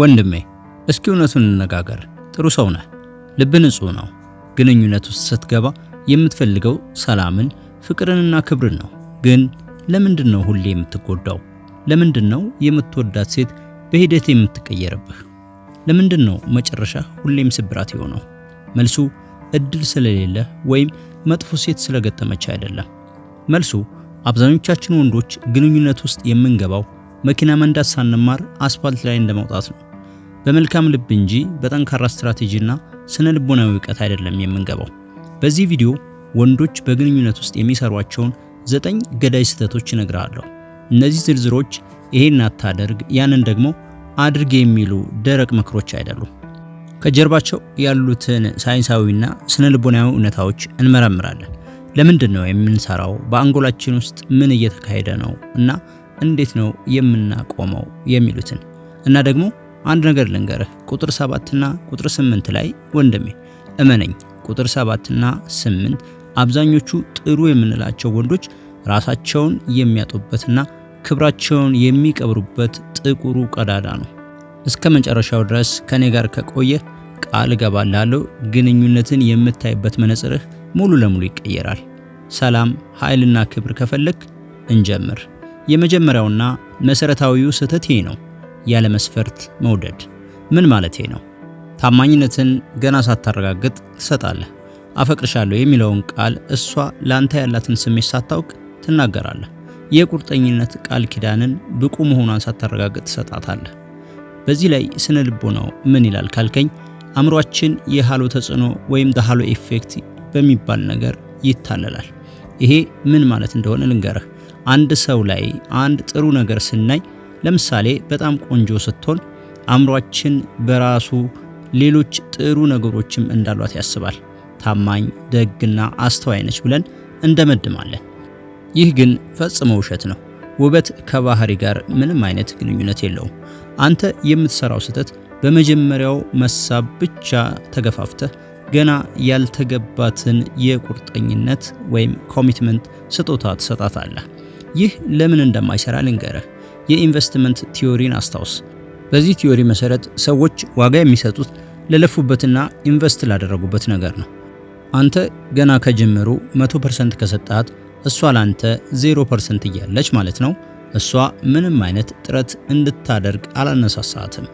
ወንድሜ እስኪ እውነቱን እንነጋገር። ጥሩ ሰው ነህ፣ ልብ ንጹህ ነው። ግንኙነት ውስጥ ስትገባ የምትፈልገው ሰላምን፣ ፍቅርንና ክብርን ነው። ግን ለምንድን ነው ሁሌ የምትጎዳው? ለምንድን ነው የምትወዳት ሴት በሂደት የምትቀየርብህ? ለምንድን ነው መጨረሻ ሁሌም ስብራት የሆነው? መልሱ እድል ስለሌለ ወይም መጥፎ ሴት ስለገጠመች አይደለም። መልሱ አብዛኞቻችን ወንዶች ግንኙነት ውስጥ የምንገባው መኪና መንዳት ሳንማር አስፋልት ላይ እንደመውጣት ነው። በመልካም ልብ እንጂ በጠንካራ ስትራቴጂና ስነ ልቦናዊ እውቀት አይደለም የምንገባው። በዚህ ቪዲዮ ወንዶች በግንኙነት ውስጥ የሚሰሯቸውን ዘጠኝ ገዳይ ስህተቶች እነግርሃለሁ። እነዚህ ዝርዝሮች ይሄን አታደርግ፣ ያንን ደግሞ አድርግ የሚሉ ደረቅ ምክሮች አይደሉም። ከጀርባቸው ያሉትን ሳይንሳዊና ስነ ልቦናዊ እውነታዎች እንመረምራለን። ለምንድን ነው የምንሰራው? በአንጎላችን ውስጥ ምን እየተካሄደ ነው? እና እንዴት ነው የምናቆመው የሚሉትን እና ደግሞ አንድ ነገር ልንገርህ፣ ቁጥር 7 እና ቁጥር 8 ላይ ወንድሜ እመነኝ፣ ቁጥር 7 እና 8 አብዛኞቹ ጥሩ የምንላቸው ወንዶች ራሳቸውን የሚያጡበትና ክብራቸውን የሚቀብሩበት ጥቁሩ ቀዳዳ ነው። እስከ መጨረሻው ድረስ ከኔ ጋር ከቆየ ቃል እገባላለሁ፣ ግንኙነትን የምታይበት መነጽርህ ሙሉ ለሙሉ ይቀየራል። ሰላም ኃይልና ክብር ከፈለክ እንጀምር። የመጀመሪያውና መሰረታዊው ስህተት ይሄ ነው። ያለ መስፈርት መውደድ ምን ማለት ነው? ታማኝነትን ገና ሳታረጋግጥ ትሰጣለህ። አፈቅርሻለሁ የሚለውን ቃል እሷ ላንተ ያላትን ስሜት ሳታውቅ ትናገራለህ። የቁርጠኝነት ቃል ኪዳንን ብቁ መሆኗን ሳታረጋግጥ ትሰጣታለህ። በዚህ ላይ ስነ ልቦናው ምን ይላል ካልከኝ፣ አእምሯችን የሃሎ ተጽዕኖ ወይም ደሃሎ ሃሎ ኢፌክት በሚባል ነገር ይታለላል። ይሄ ምን ማለት እንደሆነ ልንገርህ። አንድ ሰው ላይ አንድ ጥሩ ነገር ስናይ ለምሳሌ በጣም ቆንጆ ስትሆን አእምሯችን በራሱ ሌሎች ጥሩ ነገሮችም እንዳሏት ያስባል። ታማኝ፣ ደግና አስተዋይ ነች ብለን እንደመድማለን። ይህ ግን ፈጽሞ ውሸት ነው። ውበት ከባህሪ ጋር ምንም አይነት ግንኙነት የለውም። አንተ የምትሰራው ስህተት በመጀመሪያው መሳብ ብቻ ተገፋፍተህ ገና ያልተገባትን የቁርጠኝነት ወይም ኮሚትመንት ስጦታ ትሰጣታለህ። ይህ ለምን እንደማይሰራ ልንገርህ። የኢንቨስትመንት ቲዮሪን አስታውስ። በዚህ ቲዮሪ መሰረት ሰዎች ዋጋ የሚሰጡት ለለፉበትና ኢንቨስት ላደረጉበት ነገር ነው። አንተ ገና ከጀመሩ 100% ከሰጣት እሷ ላንተ 0% እያለች ማለት ነው። እሷ ምንም አይነት ጥረት እንድታደርግ አላነሳሳትም።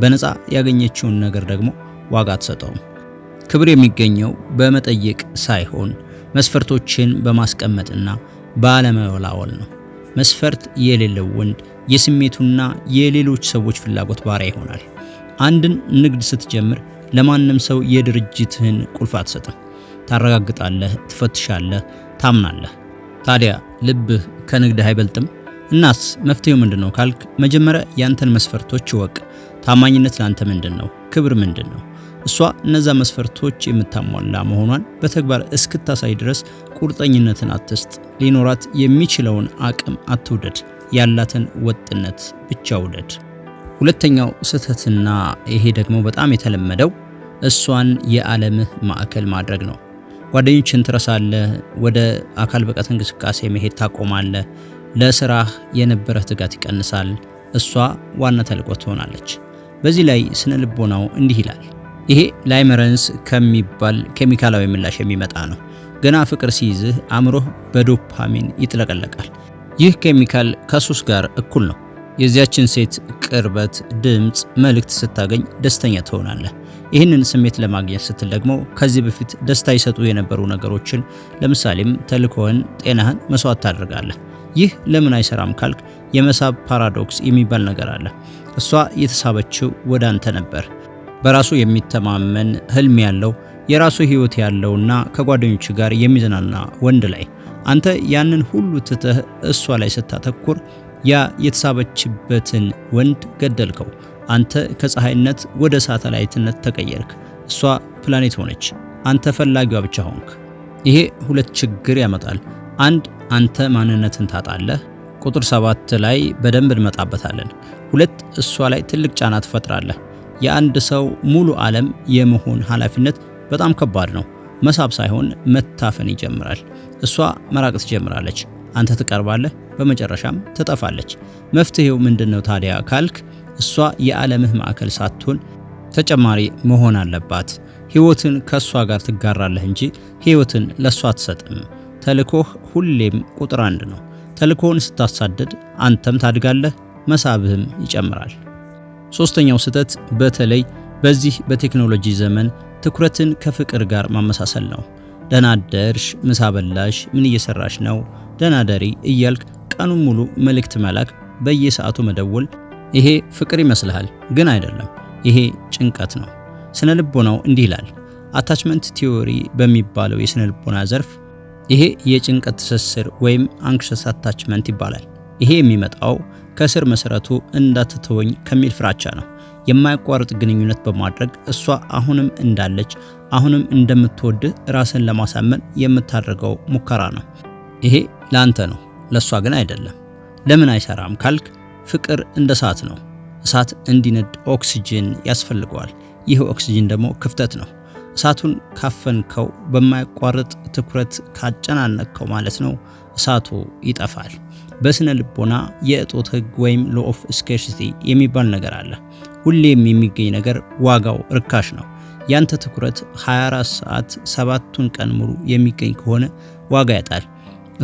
በነፃ ያገኘችውን ነገር ደግሞ ዋጋ አትሰጠውም። ክብር የሚገኘው በመጠየቅ ሳይሆን መስፈርቶችን በማስቀመጥና ባለመወላወል ነው። መስፈርት የሌለው ወንድ የስሜቱና የሌሎች ሰዎች ፍላጎት ባሪያ ይሆናል። አንድን ንግድ ስትጀምር ለማንም ሰው የድርጅትህን ቁልፍ አትሰጥም። ታረጋግጣለህ፣ ትፈትሻለህ፣ ታምናለህ። ታዲያ ልብህ ከንግድህ አይበልጥም? እናስ መፍትሄው ምንድን ነው ካልክ፣ መጀመሪያ ያንተን መስፈርቶች እወቅ። ታማኝነት ለአንተ ምንድን ነው? ክብር ምንድን ነው? እሷ እነዛ መስፈርቶች የምታሟላ መሆኗን በተግባር እስክታሳይ ድረስ ቁርጠኝነትን አትስጥ። ሊኖራት የሚችለውን አቅም አትውደድ። ያላትን ወጥነት ብቻ ውደድ። ሁለተኛው ስህተትና ይሄ ደግሞ በጣም የተለመደው እሷን የዓለምህ ማዕከል ማድረግ ነው። ጓደኞችን ትረሳለህ። ወደ አካል ብቃት እንቅስቃሴ መሄድ ታቆማለህ። ለስራህ የነበረህ ትጋት ይቀንሳል። እሷ ዋና ተልቆ ትሆናለች። በዚህ ላይ ስነ ልቦናው እንዲህ ይላል ይሄ ላይመረንስ ከሚባል ኬሚካላዊ ምላሽ የሚመጣ ነው። ገና ፍቅር ሲይዝህ አእምሮህ በዶፓሚን ይጥለቀለቃል። ይህ ኬሚካል ከሱስ ጋር እኩል ነው። የዚያችን ሴት ቅርበት፣ ድምፅ፣ መልእክት ስታገኝ ደስተኛ ትሆናለህ። ይህንን ስሜት ለማግኘት ስትል ደግሞ ከዚህ በፊት ደስታ ይሰጡ የነበሩ ነገሮችን ለምሳሌም ተልእኮህን፣ ጤናህን መስዋዕት ታደርጋለህ። ይህ ለምን አይሰራም ካልክ የመሳብ ፓራዶክስ የሚባል ነገር አለ። እሷ የተሳበችው ወደ አንተ ነበር። በራሱ የሚተማመን ህልም ያለው የራሱ ህይወት ያለውና ከጓደኞች ጋር የሚዝናና ወንድ ላይ አንተ ያንን ሁሉ ትተህ እሷ ላይ ስታተኩር ያ የተሳበችበትን ወንድ ገደልከው። አንተ ከፀሐይነት ወደ ሳተላይትነት ተቀየርክ። እሷ ፕላኔት ሆነች። አንተ ፈላጊዋ ብቻ ሆንክ። ይሄ ሁለት ችግር ያመጣል። አንድ አንተ ማንነትን ታጣለህ። ቁጥር ሰባት ላይ በደንብ እንመጣበታለን። ሁለት እሷ ላይ ትልቅ ጫና ትፈጥራለህ። የአንድ ሰው ሙሉ ዓለም የመሆን ኃላፊነት በጣም ከባድ ነው። መሳብ ሳይሆን መታፈን ይጀምራል። እሷ መራቅ ትጀምራለች፣ አንተ ትቀርባለህ፣ በመጨረሻም ትጠፋለች። መፍትሄው ምንድነው ታዲያ ካልክ እሷ የዓለምህ ማዕከል ሳትሆን ተጨማሪ መሆን አለባት። ህይወትን ከእሷ ጋር ትጋራለህ እንጂ ህይወትን ለእሷ አትሰጥም። ተልኮህ ሁሌም ቁጥር አንድ ነው። ተልኮውን ስታሳድድ አንተም ታድጋለህ፣ መሳብህም ይጨምራል። ሶስተኛው ስህተት በተለይ በዚህ በቴክኖሎጂ ዘመን ትኩረትን ከፍቅር ጋር ማመሳሰል ነው። ደህና ምሳበላሽ ምሳ በላሽ፣ ምን እየሰራሽ ነው፣ ደህና ደሪ እያልክ ቀኑን ሙሉ መልእክት መላክ፣ በየሰዓቱ መደወል፣ ይሄ ፍቅር ይመስልሃል፣ ግን አይደለም። ይሄ ጭንቀት ነው። ስነ ልቦናው እንዲህ ይላል። አታችመንት ቲዎሪ በሚባለው የስነ ልቦና ዘርፍ ይሄ የጭንቀት ትስስር ወይም አንክሸስ አታችመንት ይባላል። ይሄ የሚመጣው ከስር መሰረቱ እንዳትተወኝ ከሚል ፍራቻ ነው። የማያቋርጥ ግንኙነት በማድረግ እሷ አሁንም እንዳለች አሁንም እንደምትወድህ ራስን ለማሳመን የምታደርገው ሙከራ ነው። ይሄ ለአንተ ነው፣ ለእሷ ግን አይደለም። ለምን አይሰራም ካልክ ፍቅር እንደ እሳት ነው። እሳት እንዲነድ ኦክስጅን ያስፈልገዋል። ይህ ኦክስጅን ደግሞ ክፍተት ነው። እሳቱን ካፈንከው፣ በማያቋርጥ ትኩረት ካጨናነቅከው ማለት ነው እሳቱ ይጠፋል። በስነ ልቦና የእጦት ህግ ወይም ሎ ኦፍ ስኬርሲቲ የሚባል ነገር አለ። ሁሌም የሚገኝ ነገር ዋጋው ርካሽ ነው። ያንተ ትኩረት 24 ሰዓት ሰባቱን ቀን ሙሉ የሚገኝ ከሆነ ዋጋ ያጣል።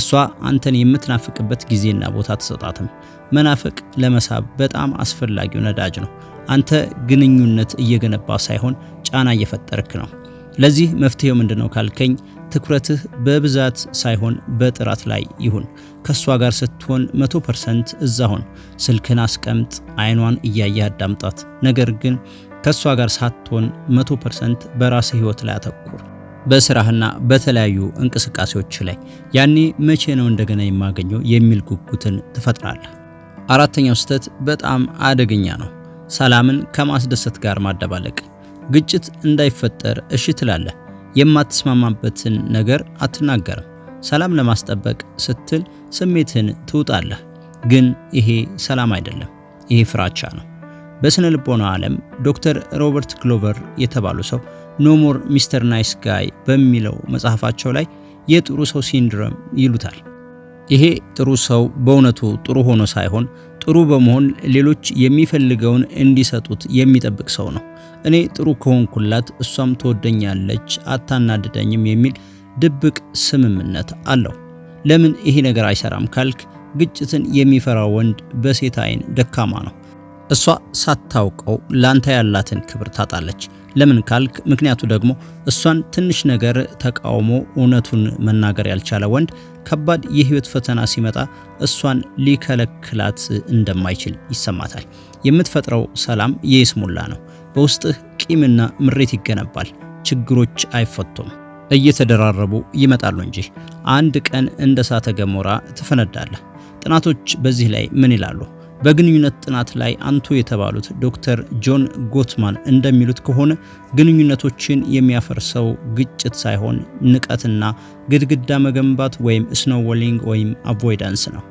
እሷ አንተን የምትናፍቅበት ጊዜና ቦታ ተሰጣትም። መናፈቅ ለመሳብ በጣም አስፈላጊው ነዳጅ ነው። አንተ ግንኙነት እየገነባ ሳይሆን ጫና እየፈጠርክ ነው። ለዚህ መፍትሄው ምንድነው ካልከኝ ትኩረትህ በብዛት ሳይሆን በጥራት ላይ ይሁን። ከእሷ ጋር ስትሆን 10ፐርሰንት እዛ ሁን። ስልክን አስቀምጥ፣ አይኗን እያየ አዳምጣት። ነገር ግን ከእሷ ጋር ሳትሆን ፐርሰንት በራስ ህይወት ላይ አተኩር፣ በስራህና በተለያዩ እንቅስቃሴዎች ላይ። ያኔ መቼ ነው እንደገና የማገኘው የሚል ጉጉትን ትፈጥራለህ። አራተኛው ስህተት በጣም አደገኛ ነው፣ ሰላምን ከማስደሰት ጋር ማደባለቅ። ግጭት እንዳይፈጠር እሺ ትላለህ የማትስማማበትን ነገር አትናገርም። ሰላም ለማስጠበቅ ስትል ስሜትህን ትውጣለህ። ግን ይሄ ሰላም አይደለም፣ ይሄ ፍራቻ ነው። በስነ ልቦና ዓለም ዶክተር ሮበርት ግሎቨር የተባሉ ሰው ኖሞር ሚስተር ናይስ ጋይ በሚለው መጽሐፋቸው ላይ የጥሩ ሰው ሲንድሮም ይሉታል። ይሄ ጥሩ ሰው በእውነቱ ጥሩ ሆኖ ሳይሆን ጥሩ በመሆን ሌሎች የሚፈልገውን እንዲሰጡት የሚጠብቅ ሰው ነው። እኔ ጥሩ ከሆንኩላት እሷም ትወደኛለች፣ አታናድደኝም የሚል ድብቅ ስምምነት አለው። ለምን ይሄ ነገር አይሰራም ካልክ ግጭትን የሚፈራ ወንድ በሴት አይን ደካማ ነው። እሷ ሳታውቀው ላንተ ያላትን ክብር ታጣለች። ለምን ካልክ ምክንያቱ ደግሞ እሷን ትንሽ ነገር ተቃውሞ እውነቱን መናገር ያልቻለ ወንድ ከባድ የህይወት ፈተና ሲመጣ እሷን ሊከለክላት እንደማይችል ይሰማታል። የምትፈጥረው ሰላም የይስሙላ ነው። በውስጥህ ቂምና ምሬት ይገነባል። ችግሮች አይፈቱም፣ እየተደራረቡ ይመጣሉ እንጂ አንድ ቀን እንደ እሳተ ገሞራ ትፈነዳለህ። ጥናቶች በዚህ ላይ ምን ይላሉ? በግንኙነት ጥናት ላይ አንቱ የተባሉት ዶክተር ጆን ጎትማን እንደሚሉት ከሆነ ግንኙነቶችን የሚያፈርሰው ግጭት ሳይሆን ንቀትና ግድግዳ መገንባት ወይም ስኖወሊንግ ወይም አቮይዳንስ ነው።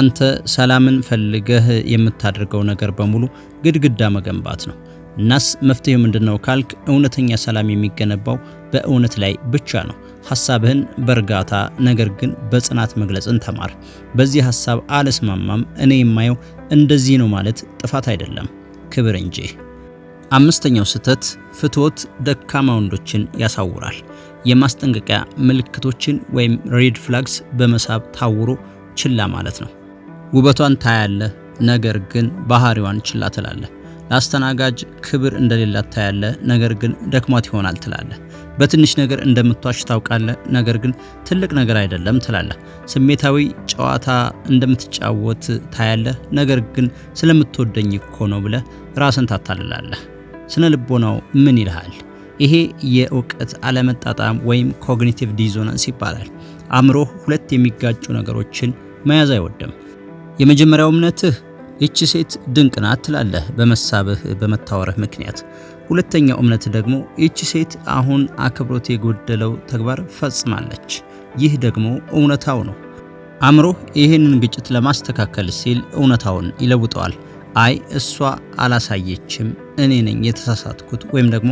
አንተ ሰላምን ፈልገህ የምታደርገው ነገር በሙሉ ግድግዳ መገንባት ነው። እናስ መፍትሄው ምንድነው ካልክ፣ እውነተኛ ሰላም የሚገነባው በእውነት ላይ ብቻ ነው። ሐሳብህን በእርጋታ ነገር ግን በጽናት መግለጽን ተማር። በዚህ ሐሳብ አልስማማም፣ እኔ የማየው እንደዚህ ነው ማለት ጥፋት አይደለም፣ ክብር እንጂ። አምስተኛው ስህተት ፍትወት ደካማ ወንዶችን ያሳውራል። የማስጠንቀቂያ ምልክቶችን ወይም ሬድ ፍላግስ በመሳብ ታውሮ ችላ ማለት ነው። ውበቷን ታያለህ፣ ነገር ግን ባህሪዋን ችላ ትላለህ። ለአስተናጋጅ ክብር እንደሌላት ታያለ ነገር ግን ደክሟት ይሆናል ትላለህ። በትንሽ ነገር እንደምትዋሽ ታውቃለ ነገር ግን ትልቅ ነገር አይደለም ትላለህ። ስሜታዊ ጨዋታ እንደምትጫወት ታያለ ነገር ግን ስለምትወደኝ እኮ ነው ብለ ራስን ታታልላለ። ስነ ልቦናው ምን ይልሃል? ይሄ የእውቀት አለመጣጣም ወይም ኮግኒቲቭ ዲዞናንስ ይባላል። አምሮ ሁለት የሚጋጩ ነገሮችን መያዝ አይወድም። የመጀመሪያው እምነትህ ይቺ ሴት ድንቅ ናት ትላለህ በመሳብህ በመታወርህ ምክንያት። ሁለተኛው እምነት ደግሞ ይቺ ሴት አሁን አክብሮት የጎደለው ተግባር ፈጽማለች። ይህ ደግሞ እውነታው ነው። አእምሮህ ይህንን ግጭት ለማስተካከል ሲል እውነታውን ይለውጠዋል። አይ እሷ አላሳየችም፣ እኔ ነኝ የተሳሳትኩት ወይም ደግሞ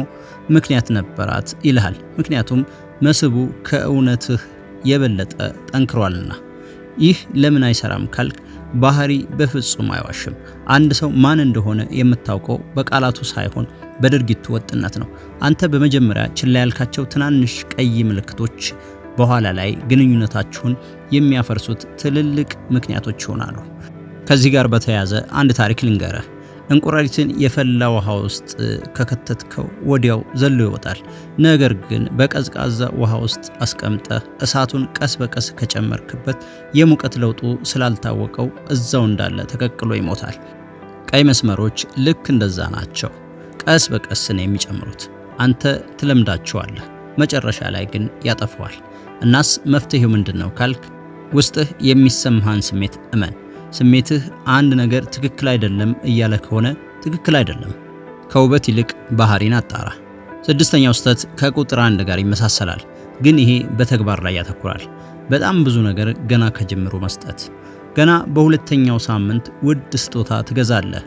ምክንያት ነበራት ይልሃል። ምክንያቱም መስህቡ ከእውነትህ የበለጠ ጠንክሯልና። ይህ ለምን አይሰራም ካልክ ባህሪ በፍጹም አይዋሽም። አንድ ሰው ማን እንደሆነ የምታውቀው በቃላቱ ሳይሆን በድርጊቱ ወጥነት ነው። አንተ በመጀመሪያ ችላ ያልካቸው ትናንሽ ቀይ ምልክቶች በኋላ ላይ ግንኙነታችሁን የሚያፈርሱት ትልልቅ ምክንያቶች ይሆናሉ። ከዚህ ጋር በተያያዘ አንድ ታሪክ ልንገረህ። እንቁራሪትን የፈላ ውሃ ውስጥ ከከተትከው ወዲያው ዘሎ ይወጣል። ነገር ግን በቀዝቃዛ ውሃ ውስጥ አስቀምጠህ እሳቱን ቀስ በቀስ ከጨመርክበት የሙቀት ለውጡ ስላልታወቀው እዛው እንዳለ ተቀቅሎ ይሞታል። ቀይ መስመሮች ልክ እንደዛ ናቸው። ቀስ በቀስ ነው የሚጨምሩት። አንተ ትለምዳቸዋለህ፣ መጨረሻ ላይ ግን ያጠፈዋል። እናስ መፍትሄው ምንድን ነው ካልክ ውስጥህ የሚሰማህን ስሜት እመን። ስሜትህ አንድ ነገር ትክክል አይደለም እያለ ከሆነ ትክክል አይደለም። ከውበት ይልቅ ባህሪን አጣራ። ስድስተኛው ስህተት ከቁጥር አንድ ጋር ይመሳሰላል፣ ግን ይሄ በተግባር ላይ ያተኩራል። በጣም ብዙ ነገር ገና ከጅምሩ መስጠት። ገና በሁለተኛው ሳምንት ውድ ስጦታ ትገዛለህ።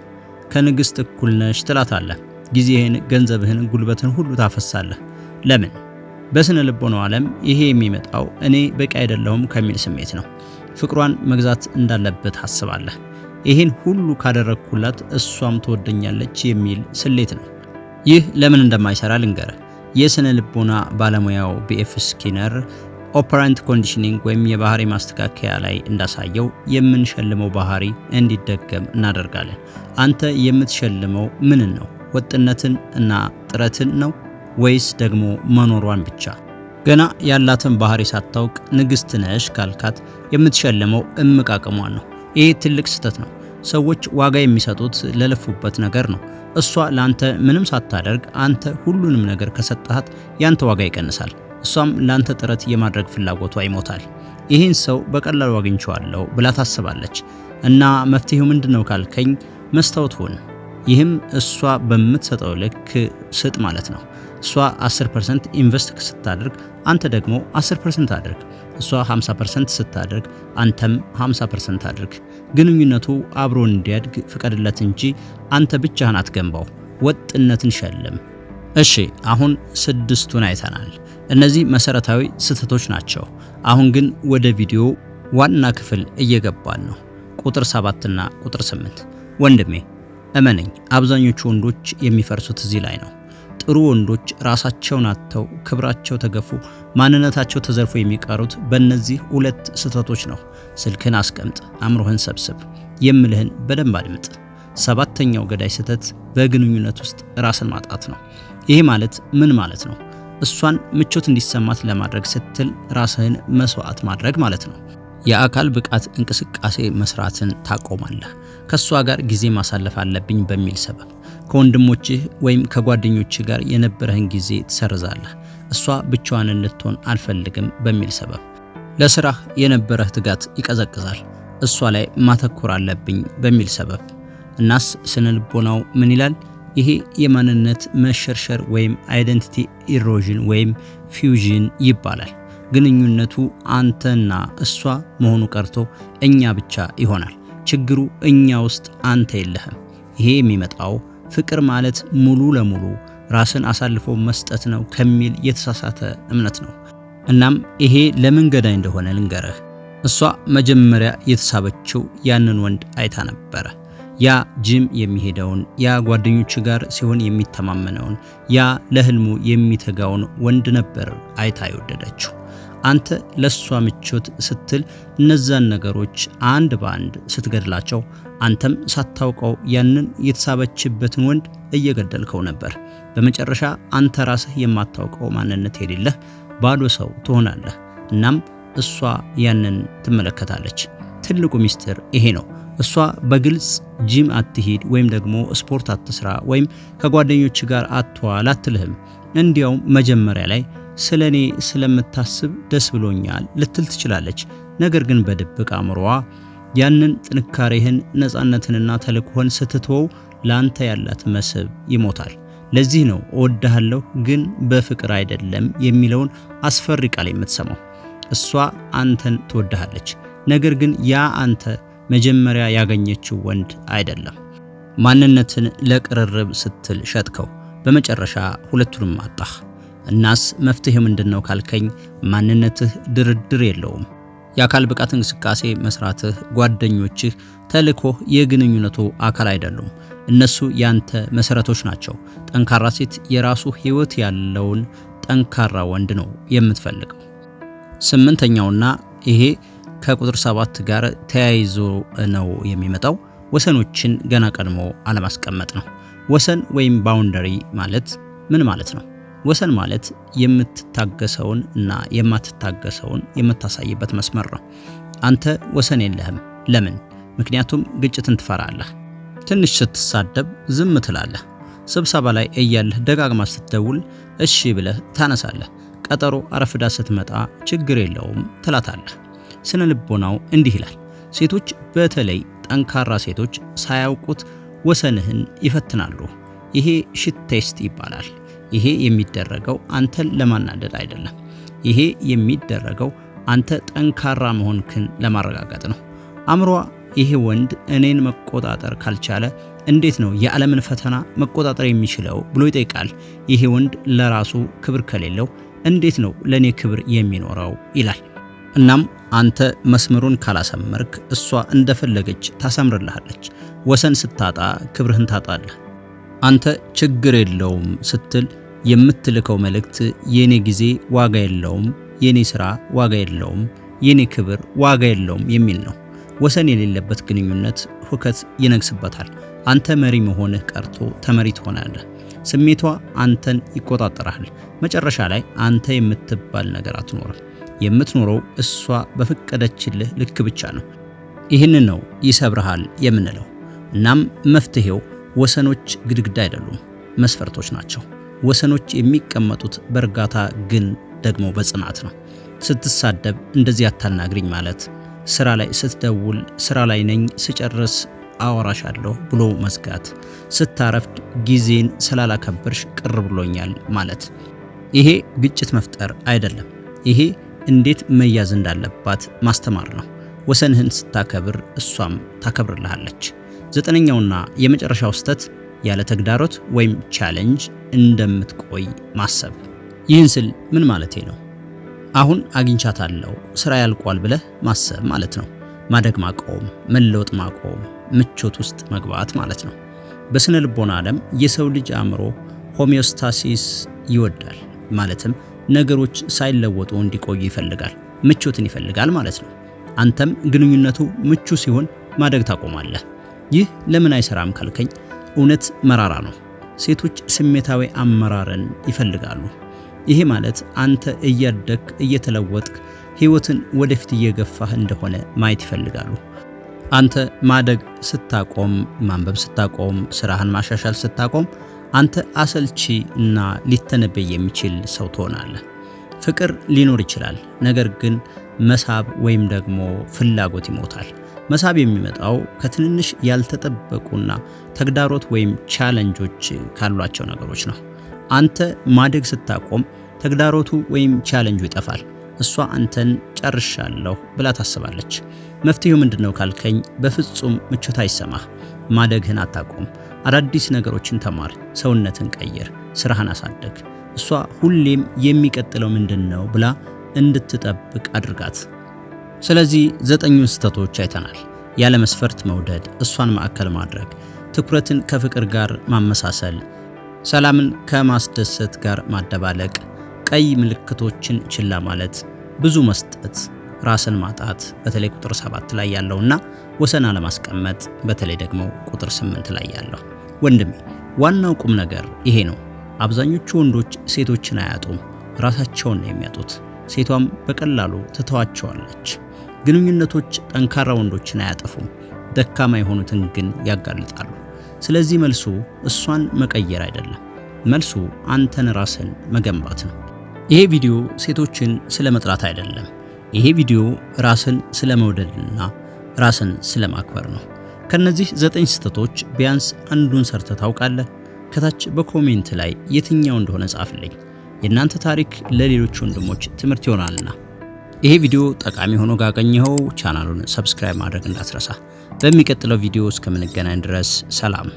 ከንግሥት እኩል ነሽ ትላታለህ። ጊዜህን፣ ገንዘብህን፣ ጉልበትን ሁሉ ታፈሳለህ። ለምን? በስነ ልቦናው ዓለም ይሄ የሚመጣው እኔ በቂ አይደለሁም ከሚል ስሜት ነው። ፍቅሯን መግዛት እንዳለበት አስባለህ። ይህን ሁሉ ካደረግኩላት እሷም ትወደኛለች የሚል ስሌት ነው። ይህ ለምን እንደማይሰራ ልንገር። የስነ ልቦና ባለሙያው ቢኤፍ ስኪነር ኦፐራንት ኮንዲሽኒንግ ወይም የባህሪ ማስተካከያ ላይ እንዳሳየው የምንሸልመው ባህሪ እንዲደገም እናደርጋለን። አንተ የምትሸልመው ምንን ነው? ወጥነትን እና ጥረትን ነው ወይስ ደግሞ መኖሯን ብቻ? ገና ያላትን ባህሪ ሳታውቅ ንግስት ነሽ ካልካት የምትሸልመው እምቅ አቅሟን ነው። ይህ ትልቅ ስህተት ነው። ሰዎች ዋጋ የሚሰጡት ለለፉበት ነገር ነው። እሷ ላንተ ምንም ሳታደርግ አንተ ሁሉንም ነገር ከሰጣት ያንተ ዋጋ ይቀንሳል። እሷም ላንተ ጥረት የማድረግ ፍላጎቷ ይሞታል። ይህን ሰው በቀላሉ አግኝቼዋለሁ ብላ ታስባለች እና መፍትሄው ምንድነው ካልከኝ መስታወት ሁን። ይህም እሷ በምትሰጠው ልክ ስጥ ማለት ነው። እሷ 10% ኢንቨስት ስታደርግ አንተ ደግሞ 10% አድርግ። እሷ 50% ስታደርግ አንተም 50% አድርግ። ግንኙነቱ አብሮ እንዲያድግ ፍቀድለት እንጂ አንተ ብቻህን አትገንባው። ወጥነትን ሸልም። እሺ አሁን ስድስቱን አይተናል። እነዚህ መሰረታዊ ስህተቶች ናቸው። አሁን ግን ወደ ቪዲዮ ዋና ክፍል እየገባን ነው። ቁጥር 7 እና ቁጥር 8 ወንድሜ እመነኝ፣ አብዛኞቹ ወንዶች የሚፈርሱት እዚህ ላይ ነው። ጥሩ ወንዶች ራሳቸውን አጥተው ክብራቸው ተገፉ፣ ማንነታቸው ተዘርፎ የሚቀሩት በእነዚህ ሁለት ስህተቶች ነው። ስልክን አስቀምጥ፣ አእምሮህን ሰብስብ፣ የምልህን በደንብ አድምጥ። ሰባተኛው ገዳይ ስህተት በግንኙነት ውስጥ ራስን ማጣት ነው። ይሄ ማለት ምን ማለት ነው? እሷን ምቾት እንዲሰማት ለማድረግ ስትል ራስህን መስዋዕት ማድረግ ማለት ነው። የአካል ብቃት እንቅስቃሴ መስራትን ታቆማለህ። ከእሷ ጋር ጊዜ ማሳለፍ አለብኝ በሚል ሰበብ ከወንድሞችህ ወይም ከጓደኞችህ ጋር የነበረህን ጊዜ ትሰርዛለህ። እሷ ብቻዋን እንድትሆን አልፈልግም በሚል ሰበብ ለስራህ የነበረህ ትጋት ይቀዘቅዛል። እሷ ላይ ማተኮር አለብኝ በሚል ሰበብ። እናስ ስነልቦናው ምን ይላል? ይሄ የማንነት መሸርሸር ወይም አይደንቲቲ ኢሮዥን ወይም ፊውዥን ይባላል። ግንኙነቱ አንተና እሷ መሆኑ ቀርቶ እኛ ብቻ ይሆናል። ችግሩ እኛ ውስጥ አንተ የለህም። ይሄ የሚመጣው ፍቅር ማለት ሙሉ ለሙሉ ራስን አሳልፎ መስጠት ነው ከሚል የተሳሳተ እምነት ነው። እናም ይሄ ለምን ገዳይ እንደሆነ ልንገርህ። እሷ መጀመሪያ የተሳበችው ያንን ወንድ አይታ ነበረ። ያ ጂም የሚሄደውን ያ ጓደኞች ጋር ሲሆን የሚተማመነውን ያ ለህልሙ የሚተጋውን ወንድ ነበር አይታ የወደደችው። አንተ ለእሷ ምቾት ስትል እነዛን ነገሮች አንድ በአንድ ስትገድላቸው አንተም ሳታውቀው ያንን የተሳበችበትን ወንድ እየገደልከው ነበር። በመጨረሻ አንተ ራስህ የማታውቀው ማንነት የሌለህ ባዶ ሰው ትሆናለህ። እናም እሷ ያንን ትመለከታለች። ትልቁ ሚስጥር ይሄ ነው። እሷ በግልጽ ጂም አትሂድ ወይም ደግሞ ስፖርት አትስራ ወይም ከጓደኞች ጋር አትዋል አትልህም። እንዲያውም መጀመሪያ ላይ ስለ እኔ ስለምታስብ ደስ ብሎኛል ልትል ትችላለች። ነገር ግን በድብቅ አእምሮዋ ያንን ጥንካሬህን ነፃነትንና ተልእኮህን ስትተወው ለአንተ ያላት መስህብ ይሞታል። ለዚህ ነው እወድሃለሁ ግን በፍቅር አይደለም የሚለውን አስፈሪ ቃል የምትሰማው። እሷ አንተን ትወድሃለች፣ ነገር ግን ያ አንተ መጀመሪያ ያገኘችው ወንድ አይደለም። ማንነትን ለቅርርብ ስትል ሸጥከው፣ በመጨረሻ ሁለቱንም አጣህ። እናስ መፍትሄ ምንድነው ካልከኝ፣ ማንነትህ ድርድር የለውም። የአካል ብቃት እንቅስቃሴ መስራትህ፣ ጓደኞችህ፣ ተልእኮህ የግንኙነቱ አካል አይደሉም። እነሱ ያንተ መሰረቶች ናቸው። ጠንካራ ሴት የራሱ ህይወት ያለውን ጠንካራ ወንድ ነው የምትፈልገው። ስምንተኛውና ይሄ ከቁጥር ሰባት ጋር ተያይዞ ነው የሚመጣው ወሰኖችን ገና ቀድሞ አለማስቀመጥ ነው። ወሰን ወይም ባውንደሪ ማለት ምን ማለት ነው? ወሰን ማለት የምትታገሰውን እና የማትታገሰውን የምታሳይበት መስመር ነው። አንተ ወሰን የለህም። ለምን? ምክንያቱም ግጭትን ትፈራለህ። ትንሽ ስትሳደብ ዝም ትላለህ። ስብሰባ ላይ እያለህ ደጋግማ ስትደውል እሺ ብለህ ታነሳለህ። ቀጠሮ አረፍዳ ስትመጣ ችግር የለውም ትላታለህ። ስነ ልቦናው እንዲህ ይላል። ሴቶች በተለይ ጠንካራ ሴቶች ሳያውቁት ወሰንህን ይፈትናሉ። ይሄ ሽት ቴስት ይባላል። ይሄ የሚደረገው አንተን ለማናደድ አይደለም። ይሄ የሚደረገው አንተ ጠንካራ መሆንክን ለማረጋገጥ ነው። አእምሯ ይሄ ወንድ እኔን መቆጣጠር ካልቻለ እንዴት ነው የዓለምን ፈተና መቆጣጠር የሚችለው ብሎ ይጠይቃል። ይሄ ወንድ ለራሱ ክብር ከሌለው እንዴት ነው ለእኔ ክብር የሚኖረው ይላል። እናም አንተ መስመሩን ካላሰመርክ እሷ እንደፈለገች ታሰምርልሃለች። ወሰን ስታጣ ክብርህን ታጣለህ። አንተ ችግር የለውም ስትል የምትልከው መልእክት የኔ ጊዜ ዋጋ የለውም፣ የኔ ስራ ዋጋ የለውም፣ የኔ ክብር ዋጋ የለውም የሚል ነው። ወሰን የሌለበት ግንኙነት ሁከት ይነግስበታል። አንተ መሪ መሆንህ ቀርቶ ተመሪ ትሆናለህ። ስሜቷ አንተን ይቆጣጠራል። መጨረሻ ላይ አንተ የምትባል ነገር አትኖርም። የምትኖረው እሷ በፈቀደችልህ ልክ ብቻ ነው። ይህን ነው ይሰብርሃል የምንለው። እናም መፍትሄው ወሰኖች ግድግዳ አይደሉም፣ መስፈርቶች ናቸው። ወሰኖች የሚቀመጡት በእርጋታ ግን ደግሞ በጽናት ነው። ስትሳደብ እንደዚህ አታናግሪኝ ማለት፣ ስራ ላይ ስትደውል ስራ ላይ ነኝ፣ ስጨርስ አወራሻለሁ ብሎ መዝጋት፣ ስታረፍድ ጊዜን ስላላከበርሽ ቅር ብሎኛል ማለት። ይሄ ግጭት መፍጠር አይደለም። ይሄ እንዴት መያዝ እንዳለባት ማስተማር ነው። ወሰንህን ስታከብር እሷም ታከብርልሃለች። ዘጠነኛውና የመጨረሻው ስህተት ያለ ተግዳሮት ወይም ቻሌንጅ እንደምትቆይ ማሰብ። ይህን ስል ምን ማለቴ ነው? አሁን አግኝቻታለሁ ስራ ያልቋል ብለህ ማሰብ ማለት ነው። ማደግ ማቆም፣ መለወጥ ማቆም፣ ምቾት ውስጥ መግባት ማለት ነው። በስነ ልቦና ዓለም የሰው ልጅ አእምሮ ሆሚዮስታሲስ ይወዳል፣ ማለትም ነገሮች ሳይለወጡ እንዲቆዩ ይፈልጋል፣ ምቾትን ይፈልጋል ማለት ነው። አንተም ግንኙነቱ ምቹ ሲሆን ማደግ ታቆማለህ። ይህ ለምን አይሰራም ካልከኝ እውነት መራራ ነው። ሴቶች ስሜታዊ አመራርን ይፈልጋሉ። ይሄ ማለት አንተ እያደግክ እየተለወጥክ ህይወትን ወደፊት እየገፋህ እንደሆነ ማየት ይፈልጋሉ። አንተ ማደግ ስታቆም፣ ማንበብ ስታቆም፣ ስራህን ማሻሻል ስታቆም አንተ አሰልቺ እና ሊተነበይ የሚችል ሰው ትሆናለህ። ፍቅር ሊኖር ይችላል፣ ነገር ግን መሳብ ወይም ደግሞ ፍላጎት ይሞታል። መሳብ የሚመጣው ከትንንሽ ያልተጠበቁና ተግዳሮት ወይም ቻለንጆች ካሏቸው ነገሮች ነው። አንተ ማደግ ስታቆም ተግዳሮቱ ወይም ቻለንጁ ይጠፋል። እሷ አንተን ጨርሻለሁ ብላ ታስባለች። መፍትሄው ምንድነው ካልከኝ፣ በፍጹም ምቾት አይሰማህ። ማደግህን አታቆም። አዳዲስ ነገሮችን ተማር፣ ሰውነትን ቀይር፣ ስራህን አሳደግ። እሷ ሁሌም የሚቀጥለው ምንድን ነው ብላ እንድትጠብቅ አድርጋት። ስለዚህ ዘጠኙን ስህተቶች አይተናል። ያለ መስፈርት መውደድ፣ እሷን ማዕከል ማድረግ፣ ትኩረትን ከፍቅር ጋር ማመሳሰል፣ ሰላምን ከማስደሰት ጋር ማደባለቅ፣ ቀይ ምልክቶችን ችላ ማለት፣ ብዙ መስጠት፣ ራስን ማጣት በተለይ ቁጥር 7 ላይ ያለውና ወሰን አለማስቀመጥ በተለይ ደግሞ ቁጥር 8 ላይ ያለው። ወንድሜ ዋናው ቁም ነገር ይሄ ነው። አብዛኞቹ ወንዶች ሴቶችን አያጡም፣ ራሳቸውን ነው የሚያጡት። ሴቷም በቀላሉ ትተዋቸዋለች። ግንኙነቶች ጠንካራ ወንዶችን አያጠፉም፣ ደካማ የሆኑትን ግን ያጋልጣሉ። ስለዚህ መልሱ እሷን መቀየር አይደለም፣ መልሱ አንተን ራስን መገንባት ነው። ይሄ ቪዲዮ ሴቶችን ስለ መጥላት አይደለም። ይሄ ቪዲዮ ራስን ስለ መውደድና ራስን ስለ ማክበር ነው። ከነዚህ ዘጠኝ ስህተቶች ቢያንስ አንዱን ሰርተ ታውቃለህ? ከታች በኮሜንት ላይ የትኛው እንደሆነ ጻፍልኝ። የእናንተ ታሪክ ለሌሎች ወንድሞች ትምህርት ይሆናልና። ይሄ ቪዲዮ ጠቃሚ ሆኖ ካገኘኸው ቻናሉን ሰብስክራይብ ማድረግ እንዳትረሳ። በሚቀጥለው ቪዲዮ እስከምንገናኝ ድረስ ሰላም።